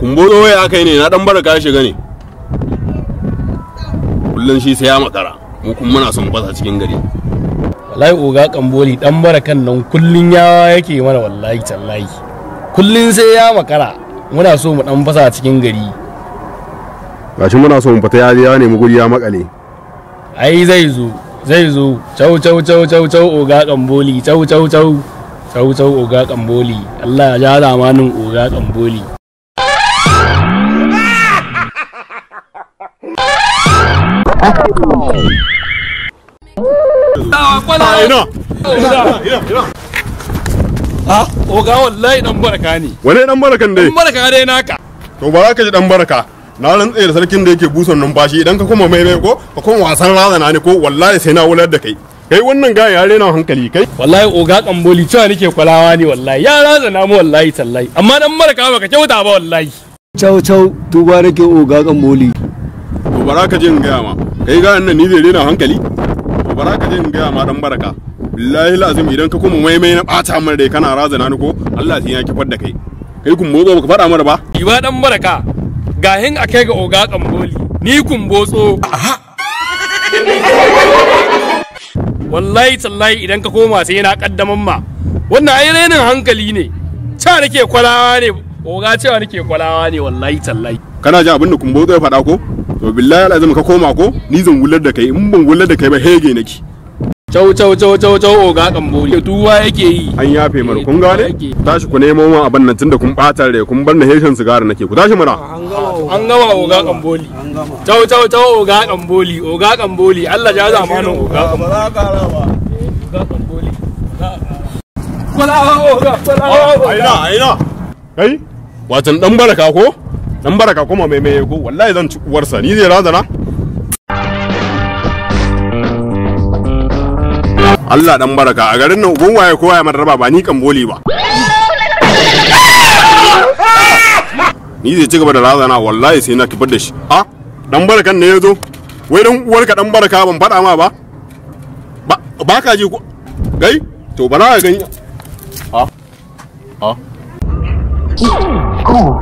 kumburo waya aka yi ne na dan baraka ya gane kullun kullum shi sai ya makara mu kuma muna son kwasa cikin gari wallahi oga kamboli dan barakan nan kullun ya yake mana wallahi tallahi kullun sai ya makara muna so mu dan fasa cikin gari gashi muna so mu fita ya je ya nemi guri ya makale ai zai zo zai zo cau cau cau chau chau oga kamboli cau cau cau chau chau oga kamboli Allah ya ja manin oga kamboli ina ina ina a oga wallahi dan baraka wane dan barakan dai dan baraka naka to ba ka ji dan baraka na rantse da sarkin da yake busan numfashi idan ka koma mai mai ko ka koma wasan razana ne ko wallahi sai na wular da kai kai wannan gaya ya rena hankali kai wallahi oga kamboli cewa nake kwalawa ne wallahi ya razana mu wallahi tallahi amma dan baraka baka kyauta ba wallahi cau cau tuba nake oga kan moli to bara ka je in gaya ma kai ga nan ni zai rena hankali to bara ka je in gaya ma dan baraka billahi lazim idan ka kuma maimai na bata mana dai kana razana ni ko Allah sai ya kifar da kai kai kun ba ka faɗa mana ba ba dan baraka gahin kai ga oga kan moli ni kun bozo wallahi tallahi idan ka koma sai na kaddaman ma wannan ai renin hankali ne ca nake kwalawa ne oga cewa nake kwalawa ne wallahi tallahi kana jin abin da kumbo zai faɗa ko to billahi zama ka koma ko ni zan wular da kai in ban wular da kai ba hege nake chau chau chau chau chau oga kambori duwa yake yi an yafe mana kun gane tashi ku nemo min abin nan tunda kun bata rai kun bar na heshin sigara nake ku tashi mana an gama oga kamboli chau chau chau oga kamboli oga kamboli Allah ja zamanin oga kamboli oga kamboli kwalawa oga kwalawa oga aina aina kai watan dan baraka ko dan baraka kuma mai mai ko wallahi zan ci uwarsa ni zai razana Allah dan baraka a garin nan uban waye kowa ya raba ba ni kan boli ba ni zai ci gaba da razana wallahi sai na kifar da shi a dan barakan ne ya zo wai dan uwarka dan baraka ban faɗa ma ba ba ka ji ko gai to bana ga gani a a Cool.